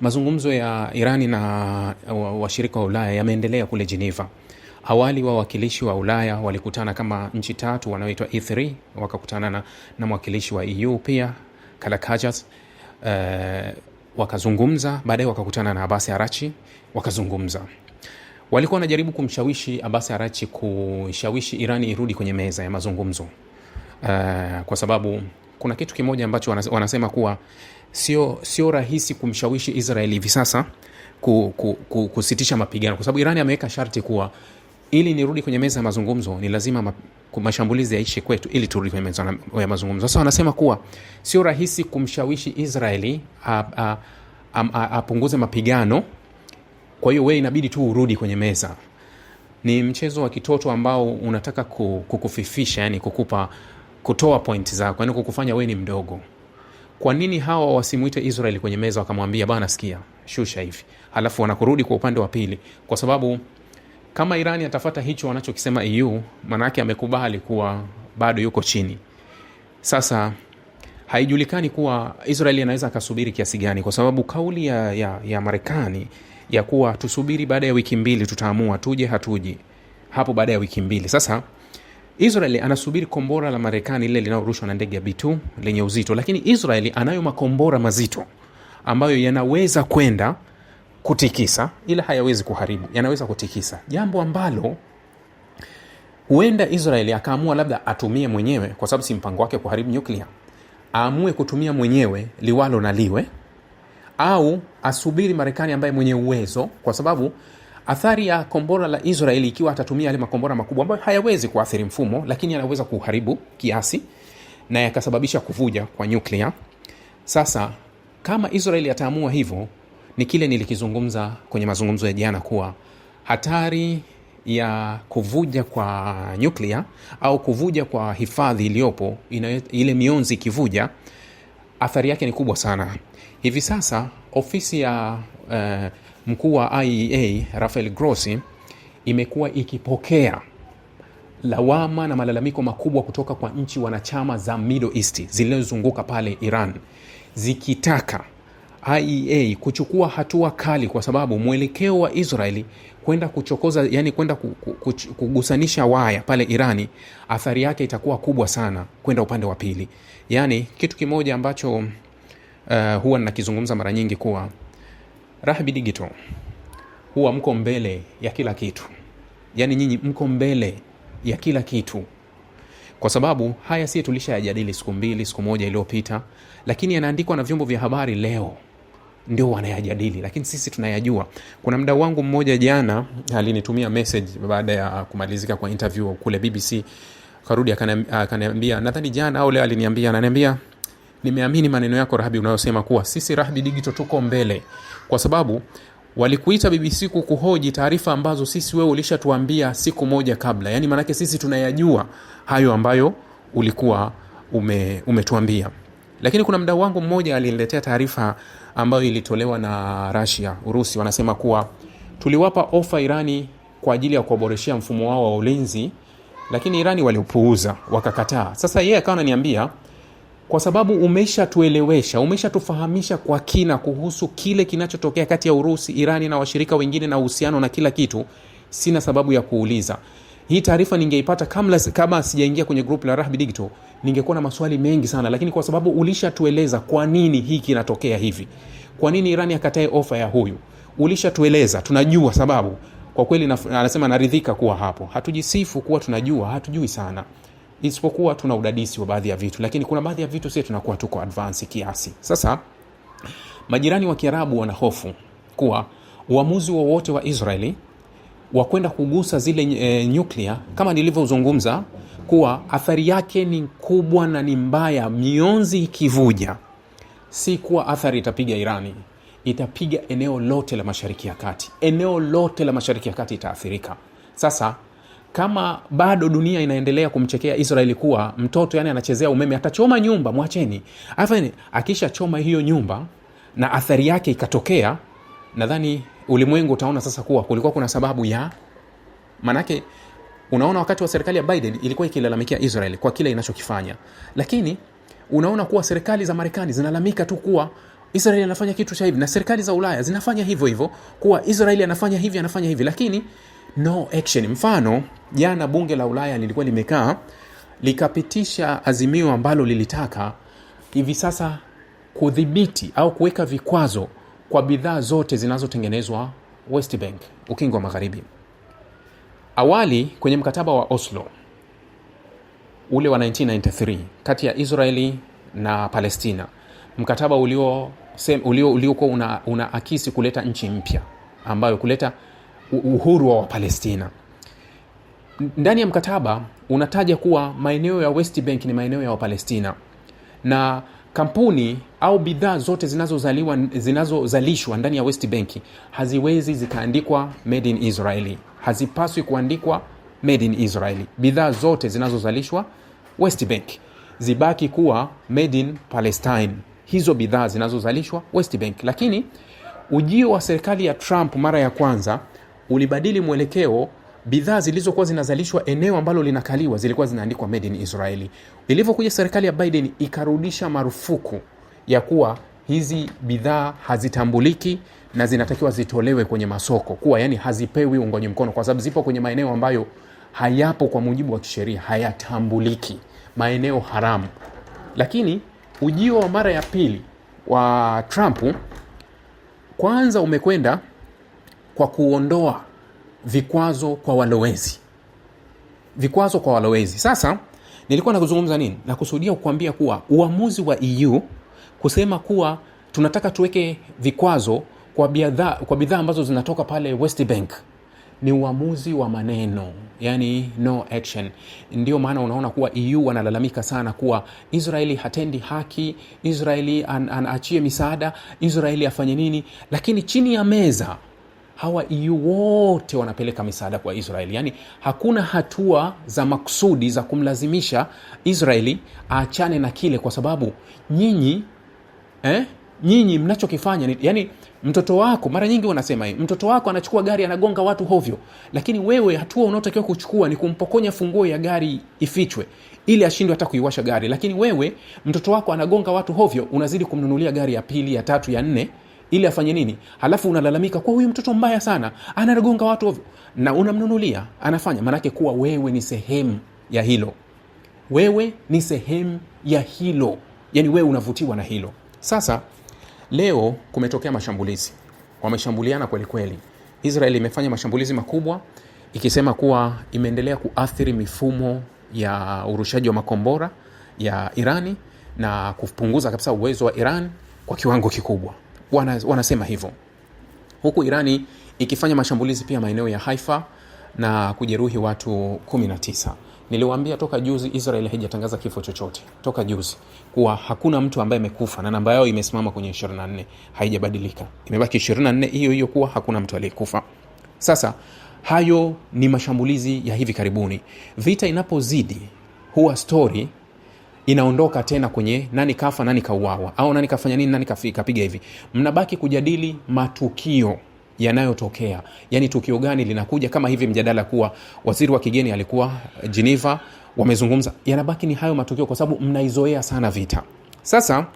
Mazungumzo ya Irani na washirika wa Ulaya yameendelea kule Geneva. Awali wawakilishi wa Ulaya walikutana kama nchi tatu wanaoitwa E3, wakakutana na, na mwakilishi wa EU pia Kalakajas uh, eh, wakazungumza. Baadaye wakakutana na Abasi Arachi wakazungumza. Walikuwa wanajaribu kumshawishi Abasi Arachi kushawishi Irani irudi kwenye meza ya mazungumzo uh, kwa sababu kuna kitu kimoja ambacho wanasema kuwa sio sio rahisi kumshawishi israel hivi sasa ku, ku, ku, kusitisha mapigano kwa sababu irani ameweka sharti kuwa ili nirudi kwenye meza ya mazungumzo ni lazima ma, mashambulizi yaishe kwetu ili turudi kwenye meza ya mazungumzo sasa wanasema kuwa sio rahisi kumshawishi israeli apunguze mapigano kwa hiyo wewe inabidi tu urudi kwenye meza ni mchezo wa kitoto ambao unataka kukufifisha yani kukupa kutoa point zako, yani kukufanya wewe ni mdogo. Kwa nini hawa wasimuite Israeli kwenye meza wakamwambia bana, sikia, shusha hivi, halafu wanakurudi kwa upande wa pili? Kwa sababu kama Irani atafata hicho wanachokisema EU, maanake amekubali kuwa bado yuko chini. Sasa haijulikani kuwa Israeli anaweza akasubiri kiasi gani, kwa sababu kauli ya, ya, ya Marekani ya kuwa tusubiri baada ya wiki mbili tutaamua tuje hatuji hapo baada ya wiki mbili sasa Israeli anasubiri kombora la Marekani lile linalorushwa na ndege ya B2 lenye uzito, lakini Israeli anayo makombora mazito ambayo yanaweza kwenda kutikisa, ila hayawezi kuharibu, yanaweza kutikisa, jambo ambalo huenda Israeli akaamua labda atumie mwenyewe, kwa sababu si mpango wake kuharibu nyuklia, aamue kutumia mwenyewe liwalo na liwe, au asubiri Marekani ambaye mwenye uwezo, kwa sababu athari ya kombora la Israeli, ikiwa atatumia yale makombora makubwa ambayo hayawezi kuathiri mfumo, lakini anaweza kuharibu kiasi na yakasababisha kuvuja kwa nyuklia. Sasa kama Israeli ataamua hivyo, ni kile nilikizungumza kwenye mazungumzo ya jana kuwa hatari ya kuvuja kwa nyuklia au kuvuja kwa hifadhi iliyopo, ile mionzi ikivuja, athari yake ni kubwa sana. Hivi sasa ofisi ya uh, mkuu wa IEA Rafael Grossi imekuwa ikipokea lawama na malalamiko makubwa kutoka kwa nchi wanachama za Middle East zilizozunguka pale Iran zikitaka IEA kuchukua hatua kali kwa sababu mwelekeo wa Israeli kwenda kuchokoza, yani kwenda kugusanisha waya pale Irani, athari yake itakuwa kubwa sana kwenda upande wa pili. Yani kitu kimoja ambacho uh, huwa nakizungumza mara nyingi kuwa rahbi Digital huwa mko mbele ya kila kitu, yaani nyinyi mko mbele ya kila kitu, kwa sababu haya si tulishayajadili siku mbili siku moja iliyopita, lakini yanaandikwa na vyombo vya habari leo ndio wanayajadili, lakini sisi tunayajua. Kuna mdau wangu mmoja jana alinitumia message baada ya kumalizika kwa interview kule BBC, karudi akaniambia, nadhani jana au leo aliniambia, ananiambia nimeamini maneno yako Rahbi unayosema kuwa sisi Rahbi digito tuko mbele, kwa sababu walikuita BBC kukuhoji taarifa ambazo sisi wewe ulishatuambia siku moja kabla. Yani maanake sisi tunayajua hayo ambayo ulikuwa ume, umetuambia. Lakini kuna mdau wangu mmoja aliniletea taarifa ambayo ilitolewa na Russia, Urusi, wanasema kuwa tuliwapa ofa Irani kwa ajili ya kuwaboreshea mfumo wao wa ulinzi, lakini Irani waliupuuza wakakataa. Sasa yeye akawa ananiambia kwa sababu umeshatuelewesha, umeshatufahamisha kwa kina kuhusu kile kinachotokea kati ya Urusi, Irani na washirika wengine na uhusiano na kila kitu. Sina sababu ya kuuliza. Hii taarifa ningeipata kama sijaingia kwenye grupu la rahbi digito ningekuwa na maswali mengi sana, lakini kwa sababu ulishatueleza kwa nini hii kinatokea hivi, kwa nini Irani akatae ofa ya huyu, ulishatueleza, tunajua sababu. Kwa kweli anasema naridhika kuwa hapo. Hatujisifu kuwa tunajua, hatujui sana isipokuwa tuna udadisi wa baadhi ya vitu, lakini kuna baadhi ya vitu sisi tunakuwa tuko advance kiasi. Sasa majirani wa Kiarabu wana hofu kuwa uamuzi wowote wa, wa Israeli wa kwenda kugusa zile e, nyuklia kama nilivyozungumza kuwa athari yake ni kubwa na ni mbaya. Mionzi ikivuja, si kuwa athari itapiga Irani, itapiga eneo lote la Mashariki ya Kati. Eneo lote la Mashariki ya Kati itaathirika. Sasa kama bado dunia inaendelea kumchekea Israeli kuwa mtoto, yani anachezea umeme, atachoma nyumba, mwacheni afanye. Akishachoma hiyo nyumba na athari yake ikatokea, nadhani ulimwengu utaona sasa kuwa kulikuwa kuna sababu ya manake. Unaona, wakati wa serikali ya Biden ilikuwa ikilalamikia Israel kwa kile inachokifanya, lakini unaona kuwa serikali za Marekani zinalalamika tu kuwa Israeli anafanya kitu cha hivi na serikali za Ulaya zinafanya hivyo hivyo, kuwa Israeli anafanya hivi anafanya hivi, lakini no action. Mfano, jana bunge la Ulaya lilikuwa limekaa likapitisha azimio ambalo lilitaka hivi sasa kudhibiti au kuweka vikwazo kwa bidhaa zote zinazotengenezwa West Bank, ukingo wa magharibi. Awali kwenye mkataba wa Oslo ule wa 1993 kati ya Israeli na Palestina, mkataba uliokuwa ulio, ulio una, una akisi kuleta nchi mpya ambayo kuleta uhuru wa Wapalestina. Ndani ya mkataba unataja kuwa maeneo ya West Bank ni maeneo ya Wapalestina na kampuni au bidhaa zote zinazozaliwa zinazozalishwa ndani ya West Bank haziwezi zikaandikwa made in Israeli, hazipaswi kuandikwa made in Israeli. Bidhaa zote zinazozalishwa West Bank zibaki kuwa made in Palestine, hizo bidhaa zinazozalishwa West Bank. Lakini ujio wa serikali ya Trump mara ya kwanza ulibadili mwelekeo bidhaa zilizokuwa zinazalishwa eneo ambalo linakaliwa zilikuwa zinaandikwa made in Israeli. Ilivyokuja serikali ya Biden ikarudisha marufuku ya kuwa hizi bidhaa hazitambuliki na zinatakiwa zitolewe kwenye masoko, kuwa yani hazipewi uungwaji mkono kwa sababu zipo kwenye maeneo ambayo hayapo kwa mujibu wa kisheria, hayatambuliki, maeneo haramu. Lakini ujio wa mara ya pili wa Trump kwanza umekwenda kwa kuondoa vikwazo kwa walowezi vikwazo kwa walowezi sasa nilikuwa nakuzungumza nini nakusudia kukuambia kuwa uamuzi wa eu kusema kuwa tunataka tuweke vikwazo kwa bidhaa ambazo zinatoka pale west bank ni uamuzi wa maneno yani no action ndio maana unaona kuwa eu wanalalamika sana kuwa israeli hatendi haki israeli anaachie an, misaada israeli afanye nini lakini chini ya meza hawa EU wote wanapeleka misaada kwa Israeli. Yaani hakuna hatua za makusudi za kumlazimisha Israeli aachane na kile, kwa sababu nyinyi eh, nyinyi mnachokifanya ni yani, mtoto wako mara nyingi wanasema hivi, mtoto wako anachukua gari anagonga watu hovyo, lakini wewe hatua unaotakiwa kuchukua ni kumpokonya funguo ya gari ifichwe ili ashindwe hata kuiwasha gari, lakini wewe mtoto wako anagonga watu hovyo, unazidi kumnunulia gari ya pili, ya tatu, ya nne ili afanye nini halafu unalalamika kwa huyu mtoto mbaya sana anagonga watu ovyo na unamnunulia anafanya maanake kuwa wewe ni sehemu ya hilo wewe ni sehemu ya hilo yani wewe unavutiwa na hilo sasa leo kumetokea mashambulizi wameshambuliana kwelikweli israel imefanya mashambulizi makubwa ikisema kuwa imeendelea kuathiri mifumo ya urushaji wa makombora ya irani na kupunguza kabisa uwezo wa iran kwa kiwango kikubwa wana, wanasema hivyo huku irani ikifanya mashambulizi pia maeneo ya haifa na kujeruhi watu 19 niliwaambia toka juzi israel haijatangaza kifo chochote toka juzi kuwa hakuna mtu ambaye amekufa na namba yao imesimama kwenye 24 haijabadilika imebaki 24 hiyo hiyo kuwa hakuna mtu aliyekufa sasa hayo ni mashambulizi ya hivi karibuni vita inapozidi huwa stori inaondoka tena kwenye nani kafa nani kauawa au nani kafanya nini nani kapiga hivi mnabaki kujadili matukio yanayotokea yaani tukio gani linakuja kama hivi mjadala kuwa waziri wa kigeni alikuwa eh, geneva wamezungumza yanabaki ni hayo matukio kwa sababu mnaizoea sana vita sasa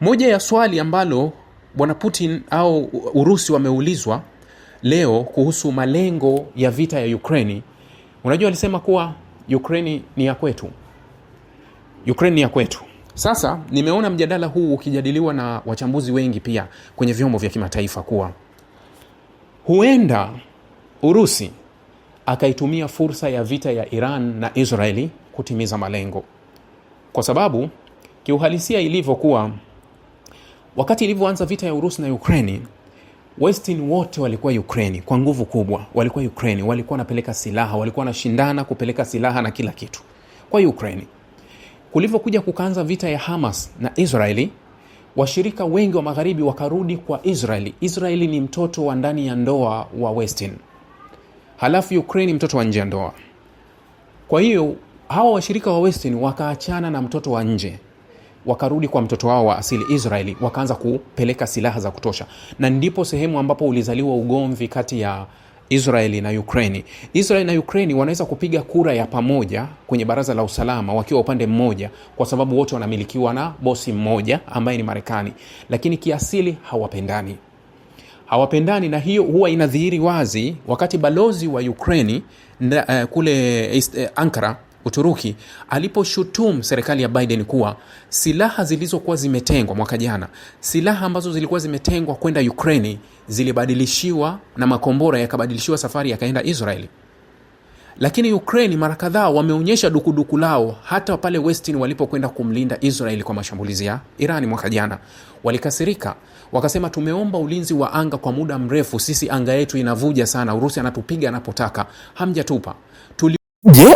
moja ya swali ambalo bwana putin au urusi wameulizwa leo kuhusu malengo ya vita ya ukraini unajua alisema kuwa ukraini ni ya kwetu Ukraine ya kwetu. Sasa nimeona mjadala huu ukijadiliwa na wachambuzi wengi pia kwenye vyombo vya kimataifa kuwa huenda Urusi akaitumia fursa ya vita ya Iran na Israeli kutimiza malengo, kwa sababu kiuhalisia ilivyokuwa wakati ilivyoanza vita ya Urusi na Ukraini, Western wote walikuwa Ukraini kwa nguvu kubwa, walikuwa Ukraini, walikuwa wanapeleka silaha, walikuwa wanashindana kupeleka silaha na kila kitu kwa Ukraini. Kulivyokuja kukaanza vita ya Hamas na Israeli, washirika wengi wa magharibi wakarudi kwa Israeli. Israeli ni mtoto wa ndani ya ndoa wa Westin, halafu Ukraine ni mtoto wa nje ya ndoa. Kwa hiyo hawa washirika wa Westin wakaachana na mtoto wa nje wakarudi kwa mtoto wao wa asili Israeli, wakaanza kupeleka silaha za kutosha, na ndipo sehemu ambapo ulizaliwa ugomvi kati ya Israeli na Ukraini. Israeli na Ukraini wanaweza kupiga kura ya pamoja kwenye baraza la usalama wakiwa upande mmoja, kwa sababu wote wanamilikiwa na bosi mmoja ambaye ni Marekani, lakini kiasili hawapendani, hawapendani, na hiyo huwa inadhihiri wazi wakati balozi wa Ukraini uh, eh, kule uh, Ankara Uturuki aliposhutumu serikali ya Biden kuwa silaha zilizokuwa zimetengwa mwaka jana, silaha ambazo zilikuwa zimetengwa kwenda Ukraini zilibadilishiwa na makombora yakabadilishiwa safari yakaenda Israeli. Lakini Ukraini mara kadhaa wameonyesha dukuduku lao, hata pale Westin walipokwenda kumlinda Israeli kwa mashambulizi ya Irani mwaka jana. Walikasirika wakasema, tumeomba ulinzi wa anga kwa muda mrefu, sisi anga yetu inavuja sana, Urusi anatupiga anapotaka, hamjatupa. Je,